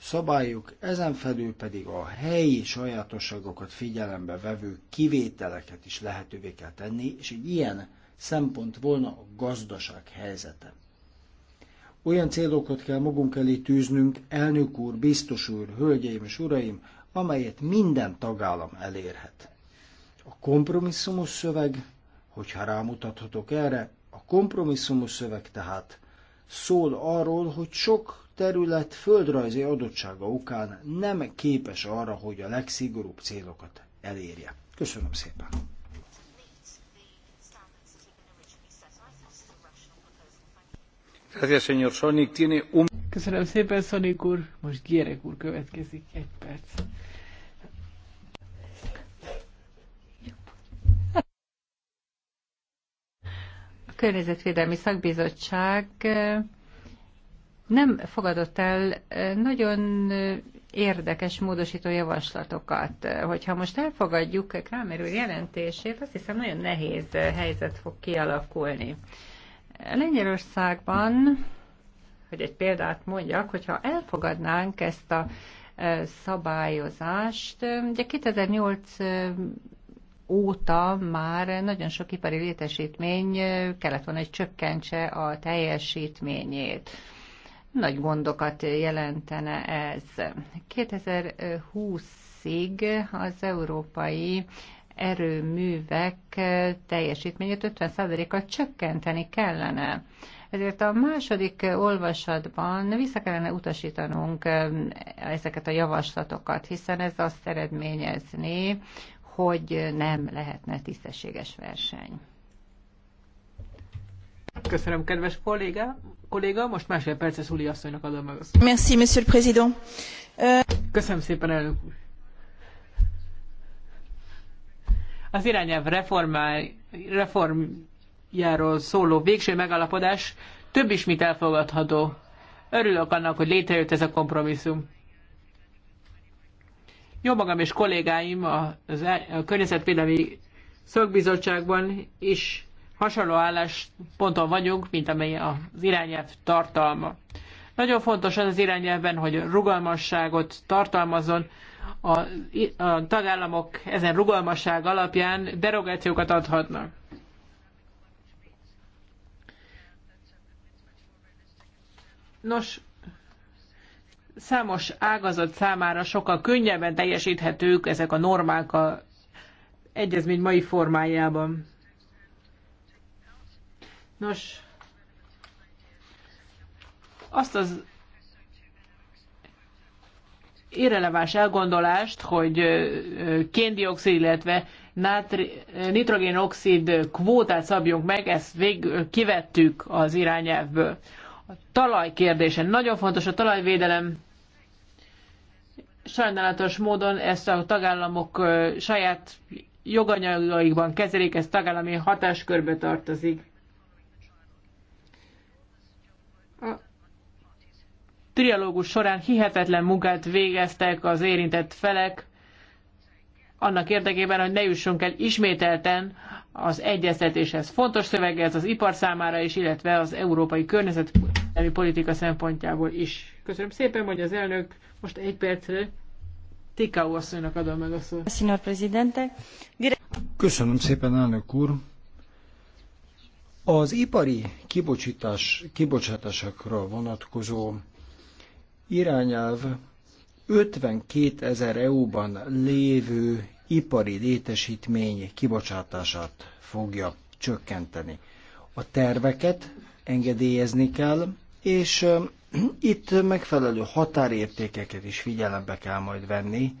szabályok, ezen felül pedig a helyi sajátosságokat figyelembe vevő kivételeket is lehetővé kell tenni, és egy ilyen szempont volna a gazdaság helyzete. Olyan célokat kell magunk elé tűznünk, elnök úr, biztos úr, hölgyeim és uraim, amelyet minden tagállam elérhet. A kompromisszumos szöveg hogyha rámutathatok erre, a kompromisszumos szöveg tehát szól arról, hogy sok terület földrajzi adottsága okán nem képes arra, hogy a legszigorúbb célokat elérje. Köszönöm szépen! Köszönöm szépen, Szonik úr. Most Gyerek úr következik egy perc. Környezetvédelmi Szakbizottság nem fogadott el nagyon érdekes módosító javaslatokat. Hogyha most elfogadjuk Krámer úr jelentését, azt hiszem nagyon nehéz helyzet fog kialakulni. Lengyelországban, hogy egy példát mondjak, hogyha elfogadnánk ezt a szabályozást, ugye 2008 óta már nagyon sok ipari létesítmény kellett volna, hogy csökkentse a teljesítményét. Nagy gondokat jelentene ez. 2020-ig az európai erőművek teljesítményét 50%-kal csökkenteni kellene. Ezért a második olvasatban vissza kellene utasítanunk ezeket a javaslatokat, hiszen ez azt eredményezné, hogy nem lehetne tisztességes verseny. Köszönöm, kedves kolléga. kolléga most másfél perce Szuli asszonynak adom meg azt. Merci, monsieur le président. Köszönöm szépen, elnök úr. Az irányelv reformál, reformjáról szóló végső megalapodás több ismit elfogadható. Örülök annak, hogy létrejött ez a kompromisszum. Jó magam és kollégáim a, e, a Környezetvédelmi Szakbizottságban is hasonló állásponton vagyunk, mint amely az irányelv tartalma. Nagyon fontos az az irányelvben, hogy rugalmasságot tartalmazon, a, a tagállamok ezen rugalmasság alapján derogációkat adhatnak. Nos, számos ágazat számára sokkal könnyebben teljesíthetők ezek a normák a egyezmény mai formájában. Nos, azt az irreleváns elgondolást, hogy kéndioxid, illetve nitrogénoxid kvótát szabjunk meg, ezt vég, kivettük az irányelvből. A talaj kérdése nagyon fontos, a talajvédelem sajnálatos módon ezt a tagállamok saját joganyagaikban kezelik, ez tagállami hatáskörbe tartozik. A trialógus során hihetetlen munkát végeztek az érintett felek, annak érdekében, hogy ne jussunk el ismételten az egyeztetéshez. Fontos szövege ez az ipar számára is, illetve az európai környezet kereskedelmi politika szempontjából is. Köszönöm szépen, hogy az elnök most egy percre Tikau asszonynak adom meg a szót. Köszönöm szépen, elnök úr. Az ipari kibocsítás, kibocsátásokra vonatkozó irányelv 52 ezer EU-ban lévő ipari létesítmény kibocsátását fogja csökkenteni. A terveket engedélyezni kell, és itt megfelelő határértékeket is figyelembe kell majd venni,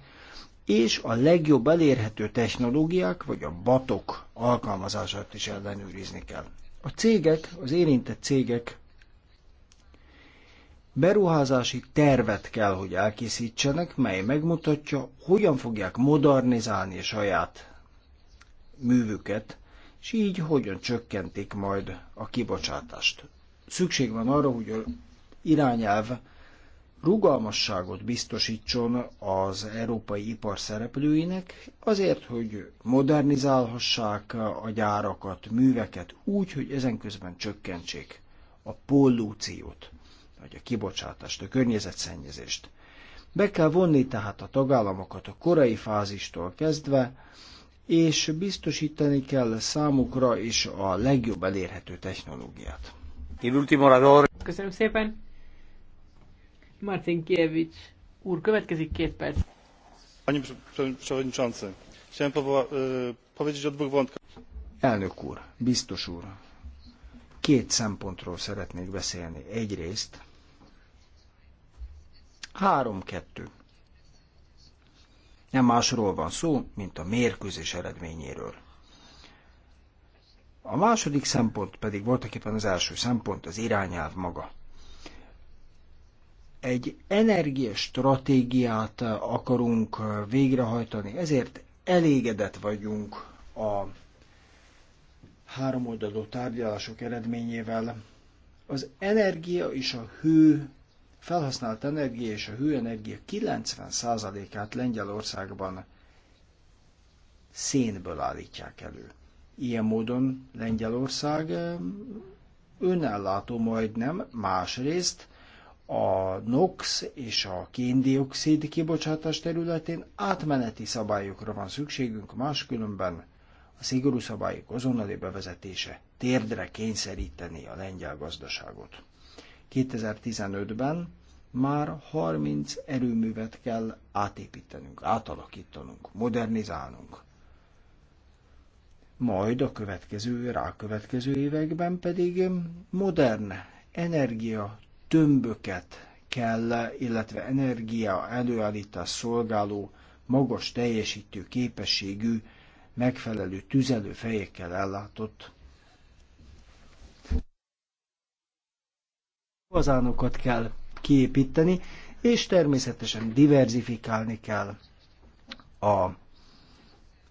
és a legjobb elérhető technológiák, vagy a batok alkalmazását is ellenőrizni kell. A cégek, az érintett cégek beruházási tervet kell, hogy elkészítsenek, mely megmutatja, hogyan fogják modernizálni saját művüket, és így hogyan csökkentik majd a kibocsátást szükség van arra, hogy a irányelv rugalmasságot biztosítson az európai ipar szereplőinek, azért, hogy modernizálhassák a gyárakat, műveket úgy, hogy ezen közben csökkentsék a pollúciót, vagy a kibocsátást, a környezetszennyezést. Be kell vonni tehát a tagállamokat a korai fázistól kezdve, és biztosítani kell számukra is a legjobb elérhető technológiát. Köszönöm szépen. Martin Kiewicz úr, következik két perc. Panie Przewodniczący, chciałem e, powiedzieć o dwóch wątkach. Elnök úr, biztos úr, két szempontról szeretnék beszélni. Egyrészt Három-kettő. Nem másról van szó, mint a mérkőzés eredményéről. A második szempont pedig voltak az első szempont, az irányelv maga. Egy energiastratégiát akarunk végrehajtani, ezért elégedett vagyunk a háromoldalú tárgyalások eredményével. Az energia és a hő, felhasznált energia és a hőenergia 90%-át Lengyelországban szénből állítják elő. Ilyen módon Lengyelország eh, önellátó majdnem, másrészt a NOx és a kéndioxid kibocsátás területén átmeneti szabályokra van szükségünk, máskülönben a szigorú szabályok azonnali bevezetése térdre kényszeríteni a lengyel gazdaságot. 2015-ben már 30 erőművet kell átépítenünk, átalakítanunk, modernizálnunk majd a következő, rákövetkező években pedig modern energia tömböket kell, illetve energia előállítás szolgáló, magas teljesítő képességű, megfelelő tüzelőfejekkel ellátott fazánokat kell kiépíteni, és természetesen diverzifikálni kell a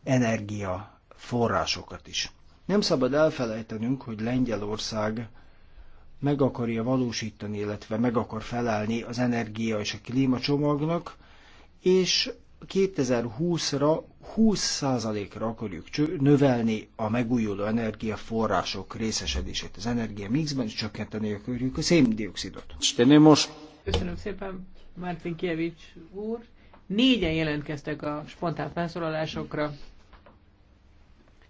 energia forrásokat is. Nem szabad elfelejtenünk, hogy Lengyelország meg akarja valósítani, illetve meg akar felelni az energia és a klímacsomagnak, és 2020-ra 20%-ra akarjuk növelni a megújuló energiaforrások részesedését az energia mixben, és csökkenteni akarjuk a széndiokszidot. Köszönöm szépen, Martin Kievics úr. Négyen jelentkeztek a spontán felszólalásokra.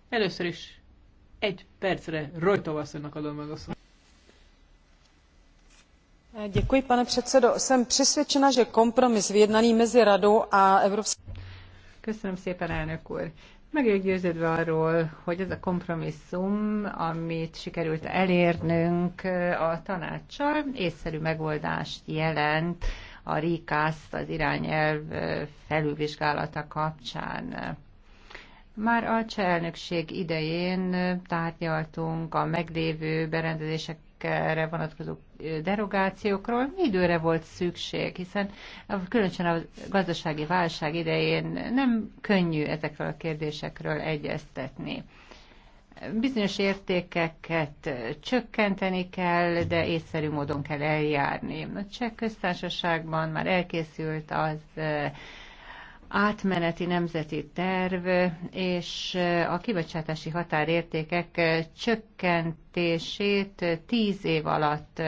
Először is egy percre Rojtov asszonynak adom meg a szót. Děkuji, pane předsedo. Jsem přesvědčena, že kompromis vyjednaný mezi Radou a Evropskou... Köszönöm szépen, elnök úr. Meg vagyok győződve arról, hogy ez a kompromisszum, amit sikerült elérnünk a tanácssal, észszerű megoldást jelent a RICASZ, az irányelv felülvizsgálata kapcsán. Már a cseh elnökség idején tárgyaltunk a meglévő berendezésekre vonatkozó derogációkról. Időre volt szükség, hiszen különösen a gazdasági válság idején nem könnyű ezekről a kérdésekről egyeztetni. Bizonyos értékeket csökkenteni kell, de észszerű módon kell eljárni. A cseh köztársaságban már elkészült az átmeneti nemzeti terv és a kibocsátási határértékek csökkentését tíz év alatt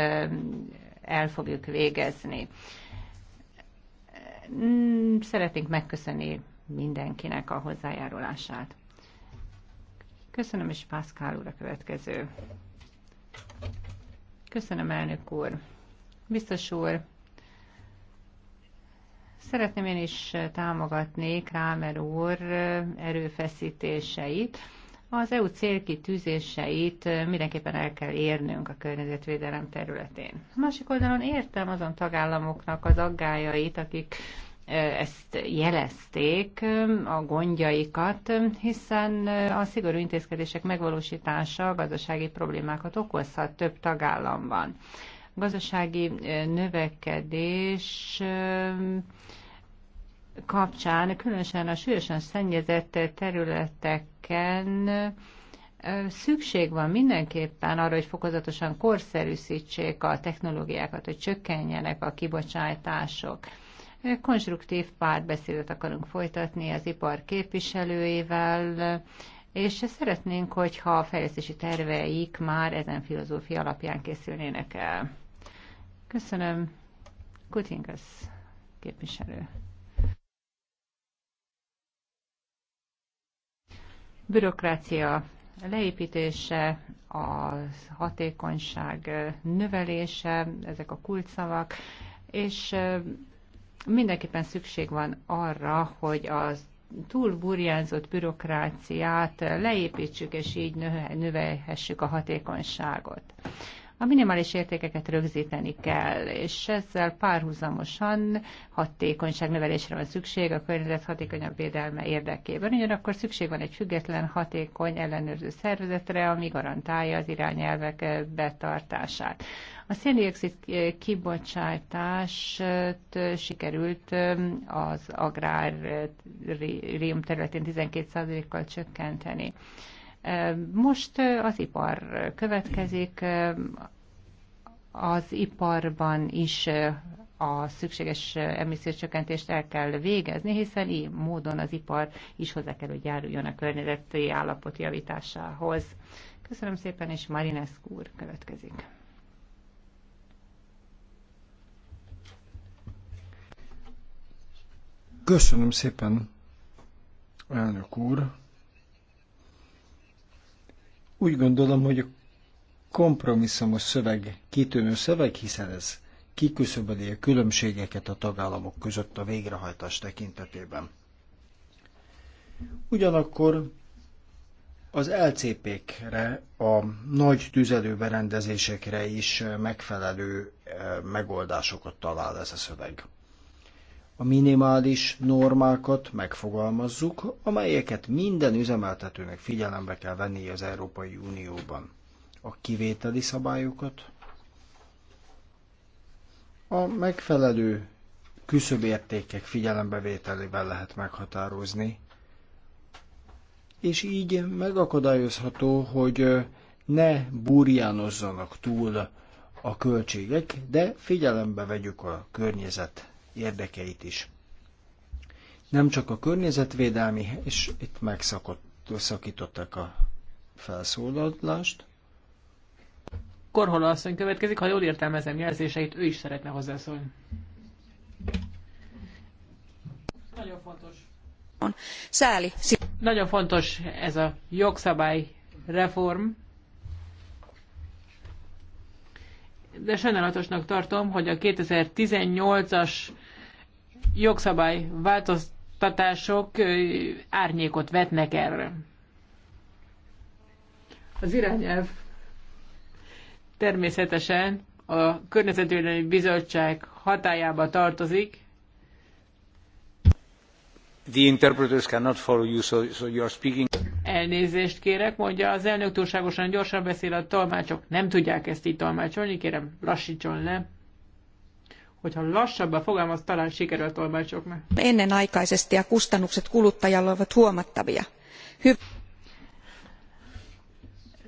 el fogjuk végezni. Szeretnénk megköszönni mindenkinek a hozzájárulását. Köszönöm, és Pászkál úr a következő. Köszönöm, elnök úr. Biztos úr, Szeretném én is támogatni Krámer úr erőfeszítéseit. Az EU célkitűzéseit mindenképpen el kell érnünk a környezetvédelem területén. A másik oldalon értem azon tagállamoknak az aggájait, akik ezt jelezték, a gondjaikat, hiszen a szigorú intézkedések megvalósítása gazdasági problémákat okozhat több tagállamban gazdasági növekedés kapcsán, különösen a súlyosan szennyezett területeken szükség van mindenképpen arra, hogy fokozatosan korszerűsítsék a technológiákat, hogy csökkenjenek a kibocsátások. Konstruktív párbeszédet akarunk folytatni az ipar képviselőivel, és szeretnénk, hogyha a fejlesztési terveik már ezen filozófia alapján készülnének el. Köszönöm. Kutinkasz képviselő. Bürokrácia leépítése, a hatékonyság növelése, ezek a kulcsszavak, és mindenképpen szükség van arra, hogy az túlburjánzott bürokráciát leépítsük, és így növelhessük a hatékonyságot. A minimális értékeket rögzíteni kell, és ezzel párhuzamosan hatékonyságnövelésre van szükség a környezet hatékonyabb védelme érdekében. Ugyanakkor szükség van egy független, hatékony ellenőrző szervezetre, ami garantálja az irányelvek betartását. A széndiokszid kibocsátást sikerült az agrárium területén 12%-kal csökkenteni. Most az ipar következik, az iparban is a szükséges emissziócsökkentést el kell végezni, hiszen így módon az ipar is hozzá kell, hogy járuljon a környezeti állapot javításához. Köszönöm szépen, és Marinescu úr következik. Köszönöm szépen, elnök úr. Úgy gondolom, hogy a kompromisszumos szöveg kitűnő szöveg, hiszen ez kiküszöböli a különbségeket a tagállamok között a végrehajtás tekintetében. Ugyanakkor az LCP-kre, a nagy tüzelőberendezésekre is megfelelő eh, megoldásokat talál ez a szöveg a minimális normákat megfogalmazzuk, amelyeket minden üzemeltetőnek figyelembe kell venni az Európai Unióban. A kivételi szabályokat, a megfelelő küszöbértékek figyelembevételével lehet meghatározni, és így megakadályozható, hogy ne burjánozzanak túl a költségek, de figyelembe vegyük a környezet érdekeit is. Nem csak a környezetvédelmi, és itt megszakították a felszólalást. Korhola asszony következik, ha jól értelmezem jelzéseit, ő is szeretne hozzászólni. Nagyon fontos. Száli. Nagyon fontos ez a jogszabály reform. De sajnálatosnak tartom, hogy a 2018-as jogszabály változtatások árnyékot vetnek erre. Az irányelv természetesen a Környezetvédelmi Bizottság hatájába tartozik. The interpreters cannot follow you, so, so you are speaking. Elnézést kérek, mondja az elnök túlságosan gyorsan beszél, a tolmácsok nem tudják ezt így tolmácsolni, kérem lassítson le hogyha lassabban fogalmaz, talán sikerül a tolmácsoknak. Ennenaikaisesti ja kustannukset kuluttajalle ovat huomattavia. Hy-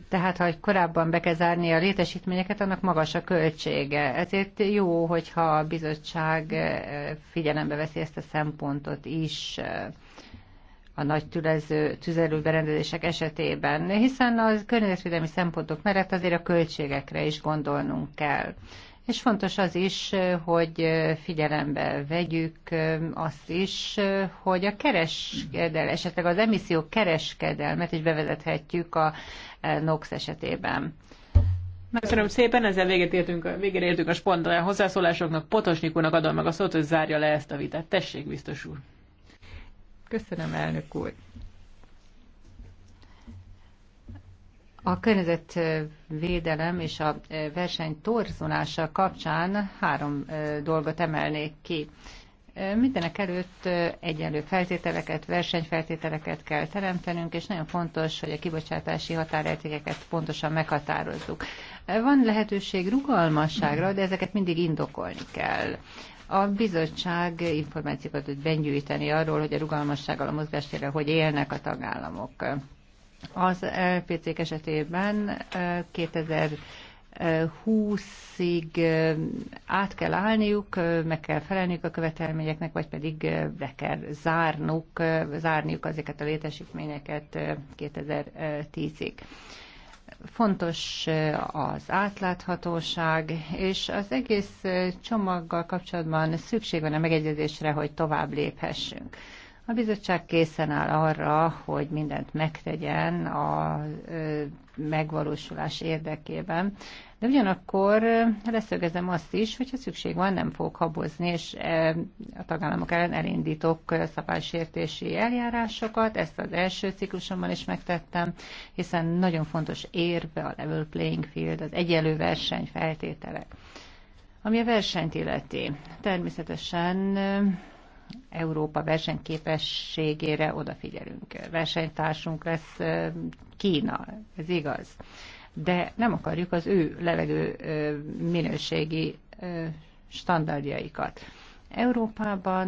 tehát, ha korábban be kell zárni a létesítményeket, annak magas a költsége. Ezért jó, hogyha a bizottság eh, figyelembe veszi ezt a szempontot is eh, a nagy tülező, tüzelőberendezések esetében, hiszen a környezetvédelmi szempontok mellett azért a költségekre is gondolnunk kell. És fontos az is, hogy figyelembe vegyük azt is, hogy a kereskedel, esetleg az emisszió kereskedelmet is bevezethetjük a e, NOx esetében. Köszönöm szépen, ezzel véget értünk, a, végére értünk a spontán hozzászólásoknak. Potosnikónak adom meg a szót, hogy zárja le ezt a vitát. Tessék, biztos úr. Köszönöm, elnök úr. A környezetvédelem és a verseny torzulása kapcsán három dolgot emelnék ki. Mindenek előtt egyenlő feltételeket, versenyfeltételeket kell teremtenünk, és nagyon fontos, hogy a kibocsátási határértékeket pontosan meghatározzuk. Van lehetőség rugalmasságra, de ezeket mindig indokolni kell. A bizottság információkat tud begyűjteni arról, hogy a rugalmassággal a mozgástérre hogy élnek a tagállamok. Az LPC esetében 2000 20-ig át kell állniuk, meg kell felelniük a követelményeknek, vagy pedig be kell zárnuk, zárniuk azokat a létesítményeket 2010-ig. Fontos az átláthatóság, és az egész csomaggal kapcsolatban szükség van a megegyezésre, hogy tovább léphessünk. A bizottság készen áll arra, hogy mindent megtegyen a megvalósulás érdekében, de ugyanakkor leszögezem azt is, hogyha szükség van, nem fogok habozni, és a tagállamok ellen elindítok szabálysértési eljárásokat. Ezt az első ciklusomban is megtettem, hiszen nagyon fontos érve a level playing field, az egyenlő verseny feltételek. Ami a versenyt illeti, természetesen Európa versenyképességére odafigyelünk. Versenytársunk lesz Kína, ez igaz. De nem akarjuk az ő levegő minőségi standardjaikat. Európában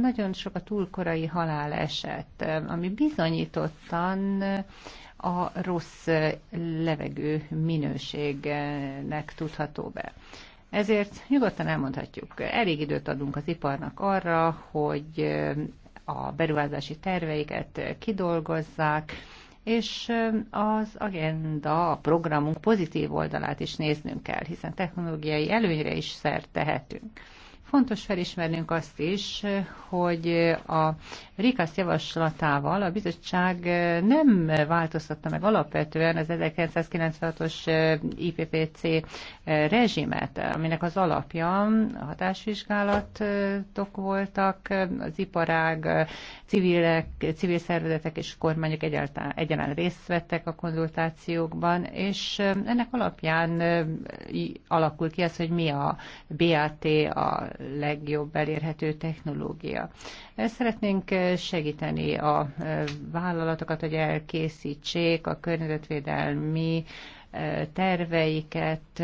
nagyon sok a túlkorai haláleset, ami bizonyítottan a rossz levegő minőségnek tudható be. Ezért nyugodtan elmondhatjuk, elég időt adunk az iparnak arra, hogy a beruházási terveiket kidolgozzák, és az agenda, a programunk pozitív oldalát is néznünk kell, hiszen technológiai előnyre is szert tehetünk. Fontos felismernünk azt is, hogy a Rikasz javaslatával a bizottság nem változtatta meg alapvetően az 1996-os IPPC rezsimet, aminek az alapja a hatásvizsgálatok voltak, az iparág, civilek, civil szervezetek és kormányok egyáltalán, egyaránt részt vettek a konzultációkban, és ennek alapján alakul ki az, hogy mi a BAT, a legjobb elérhető technológia. Szeretnénk segíteni a vállalatokat, hogy elkészítsék a környezetvédelmi terveiket,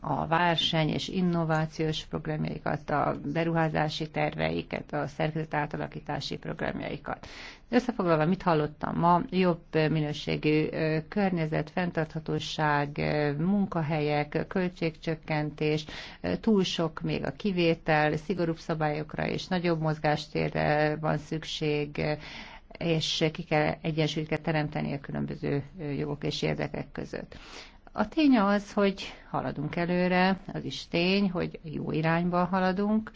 a verseny és innovációs programjaikat, a beruházási terveiket, a szerkezet átalakítási programjaikat. Összefoglalva, mit hallottam ma? Jobb minőségű környezet, fenntarthatóság, munkahelyek, költségcsökkentés, túl sok még a kivétel, szigorúbb szabályokra és nagyobb mozgástérre van szükség, és ki kell egyensúlyt kell teremteni a különböző jogok és érdekek között. A tény az, hogy haladunk előre, az is tény, hogy jó irányba haladunk,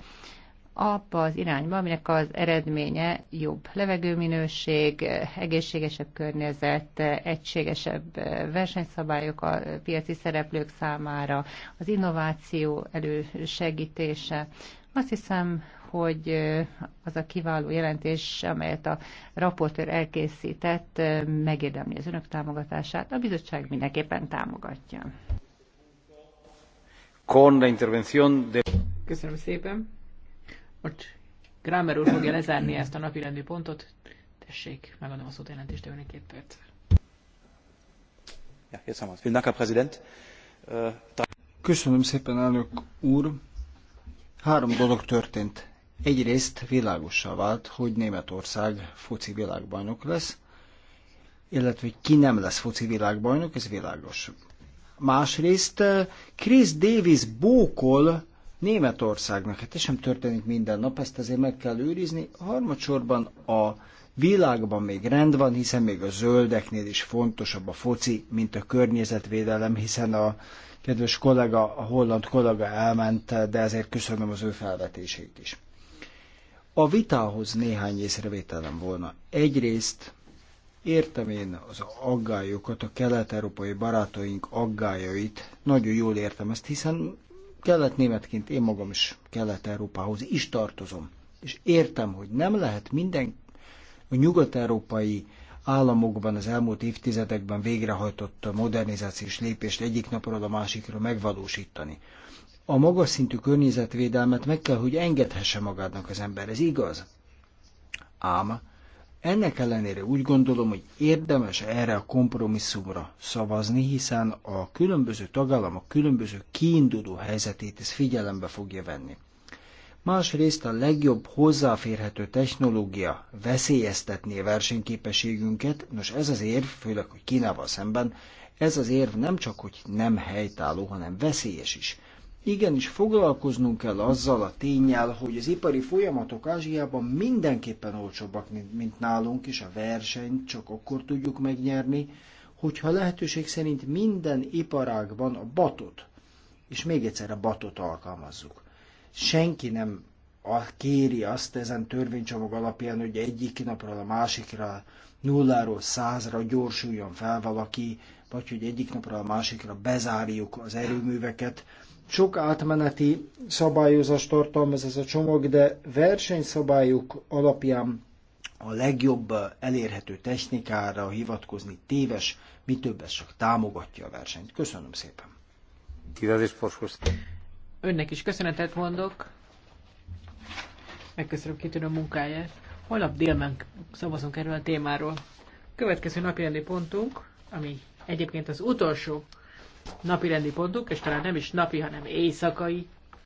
abba az irányba, aminek az eredménye jobb levegőminőség, egészségesebb környezet, egységesebb versenyszabályok a piaci szereplők számára, az innováció elősegítése. Azt hiszem, hogy az a kiváló jelentés, amelyet a raportőr elkészített, megérdemli az önök támogatását. A bizottság mindenképpen támogatja. Con la intervención de... Köszönöm szépen. Most Grámer úr fogja lezárni ezt a napi rendi pontot. Tessék, megadom a szót jelentést, önnek két perc. Äh, Köszönöm szépen, elnök úr. Három dolog történt Egyrészt világossá vált, hogy Németország foci világbajnok lesz, illetve hogy ki nem lesz foci világbajnok, ez világos. Másrészt eh, Chris Davis bókol Németországnak, hát ez sem történik minden nap, ezt azért meg kell őrizni. Harmadsorban a világban még rend van, hiszen még a zöldeknél is fontosabb a foci, mint a környezetvédelem, hiszen a kedves kollega, a holland kollega elment, de ezért köszönöm az ő felvetését is. A vitához néhány észrevételem volna. Egyrészt értem én az aggályokat, a kelet-európai barátaink aggályait, nagyon jól értem ezt, hiszen kelet-németként én magam is kelet-európához is tartozom. És értem, hogy nem lehet minden a nyugat-európai államokban az elmúlt évtizedekben végrehajtott modernizációs lépést egyik napról a másikra megvalósítani a magas szintű környezetvédelmet meg kell, hogy engedhesse magának az ember. Ez igaz. Ám ennek ellenére úgy gondolom, hogy érdemes erre a kompromisszumra szavazni, hiszen a különböző tagállamok különböző kiinduló helyzetét ez figyelembe fogja venni. Másrészt a legjobb hozzáférhető technológia veszélyeztetné a versenyképességünket, nos ez az érv, főleg, hogy Kínával szemben, ez az érv nem csak, hogy nem helytálló, hanem veszélyes is. Igenis foglalkoznunk kell azzal a tényel, hogy az ipari folyamatok Ázsiában mindenképpen olcsóbbak, mint, mint nálunk, és a versenyt csak akkor tudjuk megnyerni, hogyha lehetőség szerint minden iparágban a batot, és még egyszer a batot alkalmazzuk. Senki nem kéri azt ezen törvénycsomag alapján, hogy egyik napról a másikra nulláról százra gyorsuljon fel valaki, vagy hogy egyik napról a másikra bezárjuk az erőműveket, sok átmeneti szabályozást tartalmaz ez a csomag, de versenyszabályok alapján a legjobb elérhető technikára hivatkozni téves, mi többet csak támogatja a versenyt. Köszönöm szépen. Önnek is köszönetet mondok. Megköszönöm kitűnő munkáját. Holnap délben szavazunk erről a témáról. Következő napi pontunk, ami egyébként az utolsó napi rendi pontunk, és talán nem is napi, hanem éjszakai